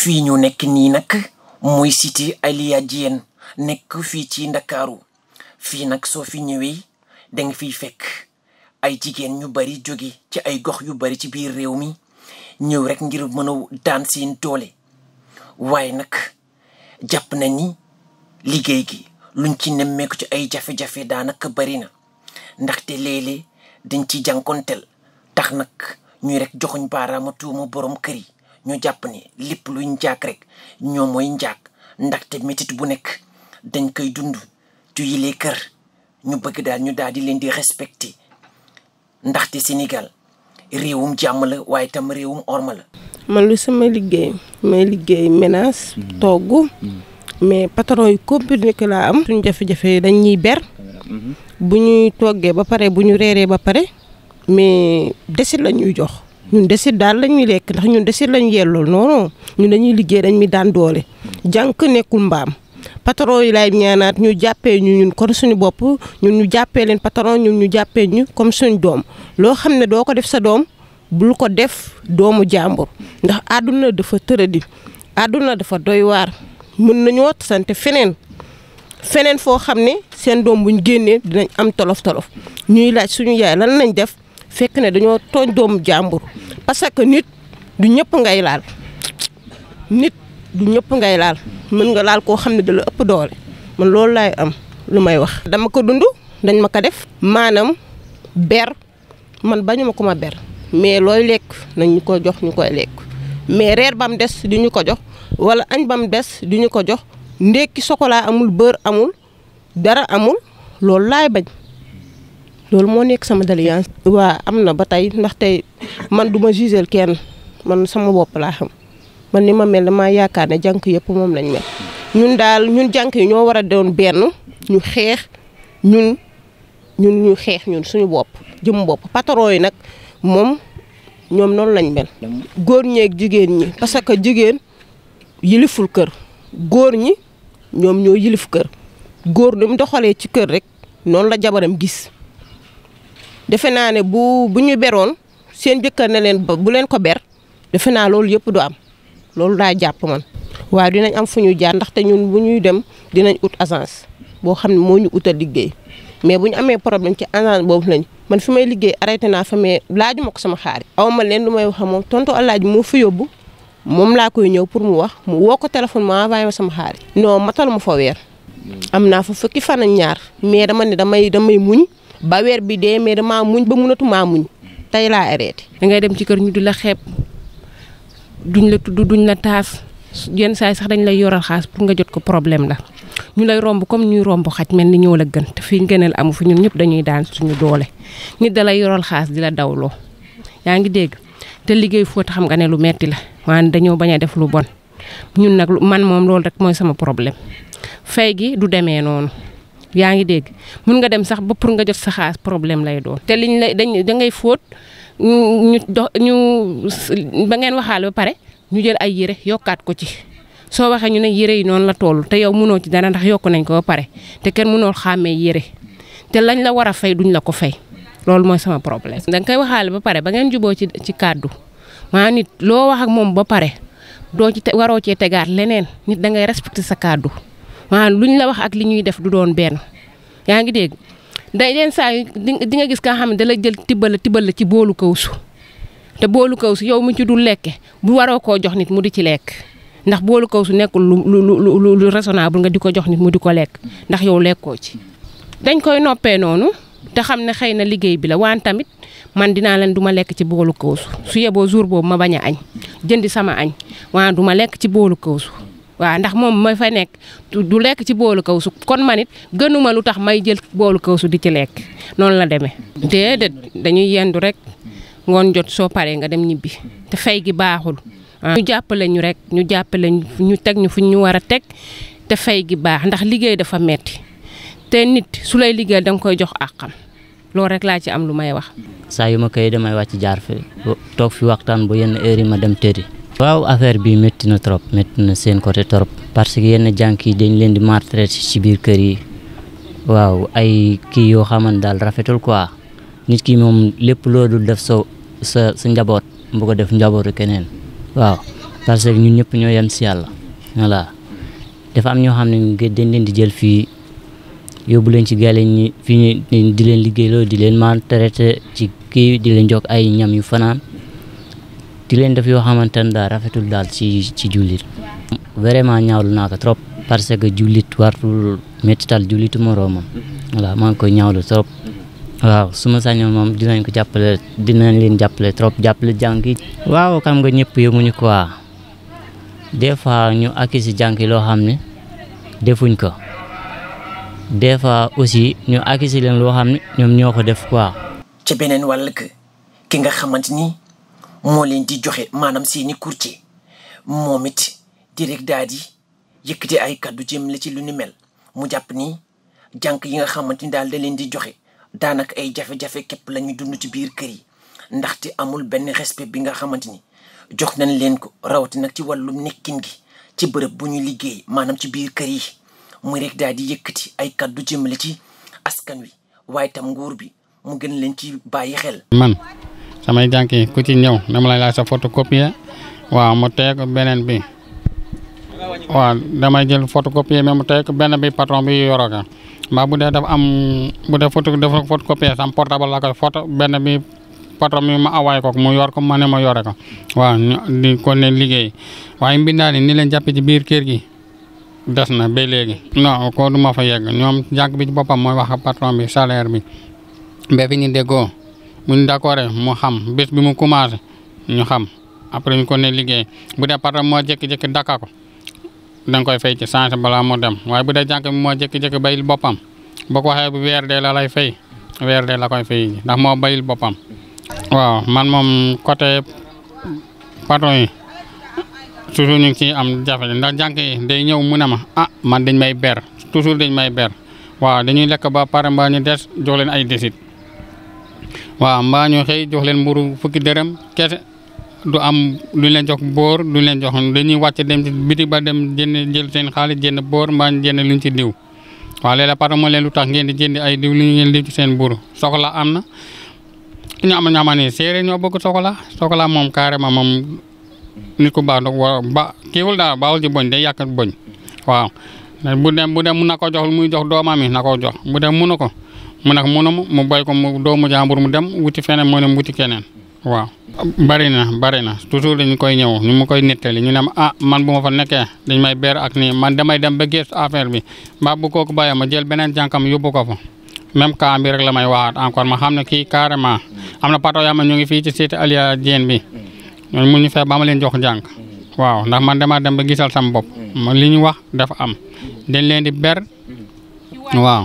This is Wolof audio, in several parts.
fii ñu nekk nii nag muy cité Alia Diène nekk fii ci Ndakaaru fii nag soo fi ñëwee da fiy fekk ay jigéen ñu bari jóge ci ay gox yu bari ci biir réew mi ñëw rekk ngir mën a daan seen doole waaye nag jàpp na ni liggéey gi luñ ci nemmeeku ci ay jafe-jafe daanaka bari na ndaxte léeg dañ ciy jànkonteel tax nag ñuy rek joxuñ baaraama tuuma boroom kër yi ñu jàpp ni lépp luy njaag rek ñoo mooy njaag ndaxte métit bu nekk dañ koy dund ci yilee kër ñu bëgg daal ñu daal di leen di respecté ndaxte Sénégal réewum jàmm la waaye tam réewum orma la man lu sama liggéey may liggéey ménage mm. togg mm. mais patron yu compliqué laa am suñ jafe-jafe dañ ñuy ber mm-hmm. bu ñuy toggee ba pare bu ñu reeree ba pare mais desit la ñuy jox ñun desit daal la ñuy lekk ndax ñun desit lañu yellool non non ñun dañuy liggéey dañ mi daan doole jànk ne mbaam patron yi laay ñaanaat ñu jàppee ñu ñun kon suñu bopp ñun ñu jàppee leen patron ñun ñu jàppee ñu comme suñu doom loo xam ne doo ko def sa doom bul ko def doomu jàmbur ndax àdduna dafa tëradi àdduna dafa doy waar mën nañoo sant feneen feneen foo xam ne seen doom bu ñu génnee dinañ am tolof tolof ñuy laaj suñu yaay lan lañ def fekk ne dañoo tooñ doomu jàmbur parce que nit du ñëpp ngay laal nit du ñëpp ngay laal mën nga laal koo xam ne dala ëpp doole man loolu laay am lu may wax. dama ko dund dañ ma ko def maanaam ber man bañu ko ma ber mais looy lekk nañ ñu ko jox ñu koy lekk mais reer ba mu des du ñu ko jox wala añ ba des du ñu ko jox. ndekki sokolaa amul bër amul dara amul loolu laay bañ loolu moo nekk sama déliance. waa am na ba tey ndax tey man duma ma jugeel kenn man sama bopp laa xam man ni ma mel damaa yaakaar ne jànk yëpp moom lañ mel ñun daal ñun jànk yi ñoo war a doon benn ñu xeex ñun ñun ñu xeex ñun suñu bopp jëm bopp patron yi nag moom ñoom noonu lañ mel. góor ñeeg jigéen ñi parce que jigéen yiliful kër góor ñi ñoom ñoo fu kër góor ni mu doxalee ci kër rek noonu la jabaram gis defe naa ne bu bu ñu beroon seen jëkkër na leen bu leen ko ber defe naa loolu yëpp du am loolu daa jàpp man waaw dinañ am fu ñuy ñun bu ñuy dem dinañ ut agence boo xam ne moo ñu utal liggéey mais bu ñu amee problème ci agence boobu lañ man fi may liggéey arrêté naa fa mais laaju ma ko sama xaar aw ma leen lu may wax moom tontu laaj moo fi yóbbu moom laa koy ñëw pour mu wax mu woo ko téléphone mu envoyé ma sama xaalis non matal ma fa weer mm. am naa fa fukki fan ak ñaar mais dama ne damay damay muñ ba weer bi dee mais damaa muñ ba munatu maa muñ tey laa arrêté. da ngay dem ci kër ñu di la xeeb duñ la tudd duñ la taas yenn saa yi sax dañ lay yoral xaas pour nga jot ko problème la ñu lay romb comme ñuy romb xaj mel ni ñëw la gën te fii ngëneel amu fi ñun ñëpp dañuy daan suñu doole nit da lay yoral xaas di la dawloo yaa ngi dégg te liggéey foo xam nga ne lu metti la. waaye dañoo bañ a def lu bon ñun nag man moom loolu rek mooy sama problème fay gi du demee noonu. yaa ngi dégg mun nga dem sax ba pour nga jot sa problème lay doon te liñ lay dañ da ngay fóot ñu dox ñu ba ngeen waxaale ba pare ñu jël ay yére yokkaat ko ci. soo waxee ñu ne yére yi noonu la toll te yow mënoo ci dara ndax yokk nañ ko ba pare te kenn mënoo xàmmee yére te lañ la war a fay duñ la ko fay loolu mooy sama problème. da nga koy waxaale ba pare ba ngeen juboo ci ci kàddu. maa nit loo wax ak moom ba pare doo ci waroo cee tegaat leneen nit da ngay respecté sa kàddu lu ñu la wax ak li ñuy def du doon benn yaa ngi dégg. day leen saa yi di nga gis ka xam ne dala jël tibbal tibbal la ci boolu kawsu te boolu kawsu yow mu ci dul lekke bu waroo koo jox nit mu di ci lekk ndax boolu kawsu nekkul lu lu lu lu nga di ko jox nit mu di ko lekk ndax yow lekkoo ci. dañ koy noppee noonu te xam ne xëy na liggéey bi la waan tamit man dinaa leen duma lekk ci boolu kawsu su yeboo jour boobu ma bañ a añ jëndi sama añ waa duma lekk ci boolu kawsu waaw ndax moom ma fa nekk du lekk ci boolu kawsu kon ma it gënuma lu tax may jël boolu kawsu di ci lekk noonu la demee. déedéet dañuy yendu rek ngoon jot soo paree nga dem ñibbi te fay gi baaxul. ñu jàppale ñu rek ñu jàppale ñu teg ñu fu ñu war a teg te fay gi baax ndax liggéey dafa metti te nit su lay liggéey danga koy jox àqam. loolu rek laa ci am lu may wax. saa yu ma koy damay wàcc jaar fi toog fi waxtaan bu yenn heure yi ma dem tëri. waaw affaire bi métti na trop métti na seen côté trop parce que yenn jànk yi dañ leen di maltraité ci biir kër yi waaw ay kii yoo xamante daal rafetul quoi nit ki moom lépp dul def sa sa sa njaboot bu ko def njabootu keneen waaw parce ñu ñun ñëpp ñoo yem si yàlla voilà dafa am ñoo xam ne dañ leen di jël fii yóbbu leen ci gaale ñi fi ñu di leen liggéeyloo di leen maltraité ci kii di leen jox ay ñam yu fanaan di leen def yoo xamante ne daal rafetul daal ci ci jullit vraiment ñaawlu naa ko trop parce que jullit wartul méttital jullitu moroomam voilà maa ngi koy ñaawlu trop waaw su ma sañoon moom dinañ ko jàppale dinañ leen jàppale trop jàppale jànk yi waaw xam nga ñëpp yemuñu quoi des fois ñu akisi jànk yi loo xam ne defuñ ko des fois aussi ñu accusé leen loo xam ne ñoom ñoo ko def quoi. ca beneen wàll ga ki nga xamante ni moo leen di joxe maanaam seeni courtier moom it di rek daal di yëkkati ay kàddu jëm la ci lu ni mel mu jàpp ni jànk yi nga xamante ni daal da leen di joxe daanaka ay jafe-jafe képp lañuy ñuy dund ci biir kër yi ndaxte amul benn respect bi nga xamante ni jox nañ leen ko rawatina ci wàllum nekkin gi ci bërëb bu ñuy liggéey maanaam ci biir kër yi. mu rek daal di yëkkati ay kàddu jëmale ci askan wi waaye tam nguur bi mu gën leen ci bàyyi xel. man samay jànk ku ci ñëw dama la laaj sa photocopier waaw mu teg beneen bi waaw damay jël photocopier mais mu teg benn bi patron bi yoroo ko bu dee dafa am bu dee photo dafa photocopier sam portable la ko photo benn bi patron mi ma awaay ko mu yor ko ma ne ma yore ko waaw di ko ne liggéey waaye leen jàppe ci biir kër gi. des na ba léegi non ko du ma fa yegg ñoom jànq bi ci boppam mooy wax patron bi salaire bi ba fi ñu déggoo bu ñu d'accord mu xam bés bi mu commencé ñu xam après ñu ko ne liggéey bu dee patron moo jékki-jékki dakka ko da koy fey ci changé balaa mu dem waaye bu dee jànq bi moo jékki-jékki bayil boppam boo ko waxee bu weer dee la lay fay weer dee la koy fay ndax moo bayil boppam waaw man moom côté patron yi toujours ñu ngi ciy am jafe ndax jànk yi day ñëw mu ne ma ah man dañ may ber toujours dañ may ber waaw dañuy lekk ba pare mbaa ñu des jox leen ay desit waaw mbaa ñu xëy jox leen mburu fukki dërëm kese du am luñ leen jox boor luñ leen jox dañuy wàcc dem ci biti ba dem jënd jël seen xaalis jënd boor mbaa ñu jënd luñ ci diw waaw léeg-léeg pare moo leen lu tax ngeen di jënd ay diw lu ngeen diw ci seen mburu soxla am na ñu am ñaama ne séeréer ñoo bëgg soxla soxla moom carrément nit ku baax nag war ba kiiwul daal baaxul ci boñ day yàqat boñ waaw bu dem bu dem mun na ko jox muy jox doomam yi na ko jox bu dem munu ko mu nag munu mu bay ko mu doomu jàmbur mu dem wuti feneen mu dem wuti keneen waaw. bari na bari na toujours dañu koy ñëw ñu mu koy nettali ñu ne ma ah man bu ma fa nekkee dañ may beer ak nii man damay dem ba gëstu affaire bi mbaa bu kooku bàyyi ma jël beneen jànkam yóbbu ko fa. même cas bi rek la may waxaat encore ma xam ne kii carrément am na pato yaa ñu ngi fii ci site Alia Diène bi. ñooñu mu ñu fexe leen jox njàng. Mm-hmm. waaw ndax man dama dem ba gisal sama bopp. Mm-hmm. man li ñu wax dafa am. Mm-hmm. dañ leen di ber. waaw.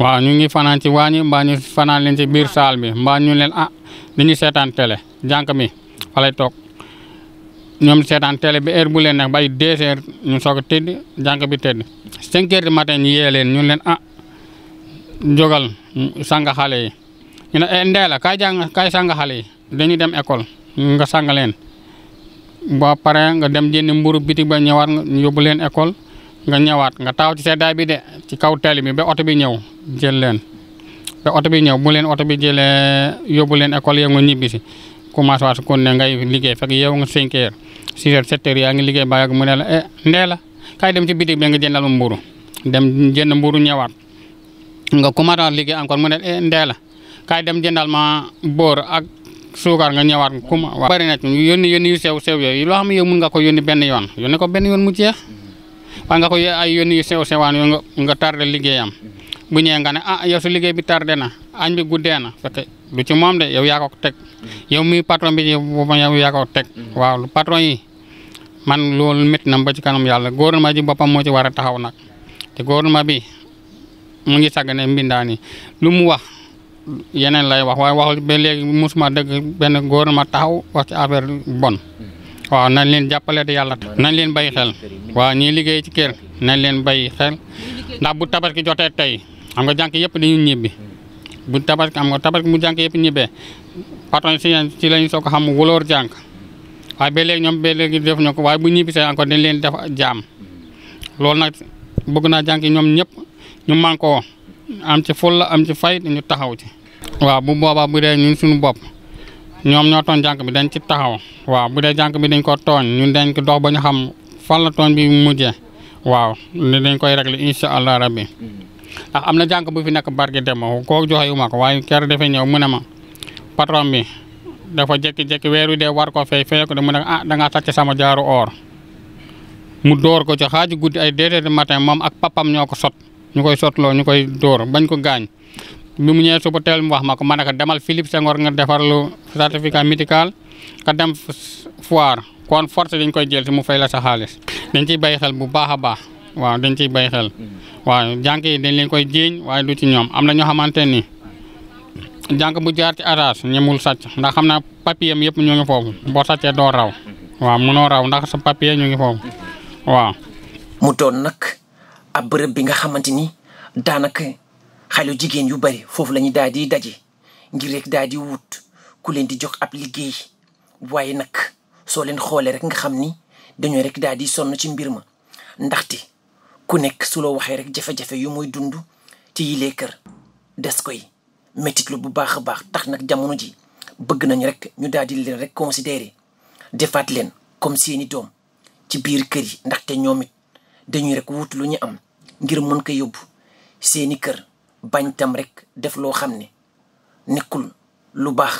waaw ñu ngi fanaan ci waañu mbaa fanaan leen ci biir saal bi ñu leen ah dañuy seetaan télé jànk mi fa lay toog ñoom seetaan télé bi heure bu leen nekk bay deux heures ñu soog a tëdd jànk bi tëdd cinq heures ñu yee leen ñu leen ah jogal sanga xale yi ñu ne eh, ndee la kaay xale yi dañuy dem école nga sàng leen boo paree nga dem jëndi mburu bitig ba ñëwaat nga yóbbu leen école nga ñëwaat nga taaw ci seddaay bi de ci kaw tali bi ba oto bi ñëw jël leen ba oto bi ñëw bu leen oto bi jëlee yóbbu leen école yow nga ñibbi si commencé waat kon ne ngay liggéey fekk yow nga cinq si six heures sept heures yaa ngi liggéey ba yàgg mu ne la eh la kaay dem ci bitig bi nga jëndal ma mburu dem jënd mburu ñëwaat nga commencé mu ne eh ndee la kaay dem jëndal ma boor ak suukar nga ñëwaat kuma waaw bëri na ci yónni yónni yu sew sew yooyu loo xam ne yow mun nga ko yónni benn yoon yónni ko benn yoon mu jeex waaye nga ko ay yónni yu sew sewaan yoo nga tarde liggéeyam bu ñëwee nga ne a ah, yow su liggéey bi tarde na añ bi guddee na fekk du ci moom de yow yaa ko teg yow muy patron bi yow yow yaa teg mm-hmm. waaw patron yi man loolu métti nam ba ci kanam yàlla gouvernement ji boppam moo ci war a taxaw nag te gouvernement bi mu ngi sàgg ne mbindaan yi lu yeneen lay wax waaye wax ba léegi mosuma dëgg benn góor ma taxaw wax ci affaire bon waaw nañ leen jàppale yàlla nañ leen bay xel waaw ñiy liggéey ci kër nañ leen bay xel ndax bu tabaski jotee tey xam nga jànk yëpp dañuy ñibbi bu tabaski am nga tabaski mu jànk yëpp ñibbee patron si ci lañu soog a xam wulóor jànk waaye ba léegi ñoom ba léegi def ñu ko waaye bu ñibbi ñibbisee encore dañ leen def jaam loolu nag bëgg naa jànk ñoom ñëpp ñu am ci fulla am ci fay ñu taxaw ci. waaw bu boobaa bu dee ñun suñu bopp ñoom ñoo tooñ jànk bi dañ ci taxaw waaw bu dee jànk bi dañ ko tooñ ñun dañ ko dox ba ñu xam fan la tooñ bi mujjee waaw li dañ koy régler incha allah rabbi ndax ah, am na jànk bu fi nekk barke dem ma ko joxe wu ma ko waaye ker dafay ñëw mu ne ma patron bi dafa jékki-jékki weer wi dee war ko fay fay ko de mu ne ah da ngaa sàcc sama jaaru or mu door ko ci xaaju guddi ay déedéet matin moom ak papam ñoo ko sot ñu koy sotloo ñu koy dóor bañ ko gaañ bi mu ñëwee suba teel mu wax ma ko ma ne ko demal Philippe Senghor nga defar lu certificat médical ka dem foire kon force dañ koy jël si mu fay la sa xaalis dañ ciy bàyyi xel bu baax a baax waaw dañ ciy bàyyi xel waaw jànq yi dañ leen koy jéeñ waaye du ci ñoom am na ñoo xamante ni jànq bu jaar ci arage ñemul sàcc ndax xam naa papier yëpp ñu ngi foofu boo sàccee doo raw waaw munoo raw ndax sa papier ñu ngi foofu ab bërëb bi nga xamante ni daanaka xale jigéen yu bari foofu lañuy ñu daal di daje ngir rek daal di wut ku leen di jox ab liggéey waaye nag soo leen xoolee rek nga xam ni dañoo rekk daal di sonn ci mbir ma ndaxte ku nekk su loo waxee rek jafe-jafe yu muy ci yilee kër des koy métit lu bu baax a baax tax nag jamono ji bëgg nañu rek ñu daal di leen rek considérer defaat leen comme seeni doom ci biir kër yi ndaxte ñoom it dañuy rek wut lu ñu am ngir mën ko yóbbu seeni kër bañ tam rek def loo xam ne nekkul lu baax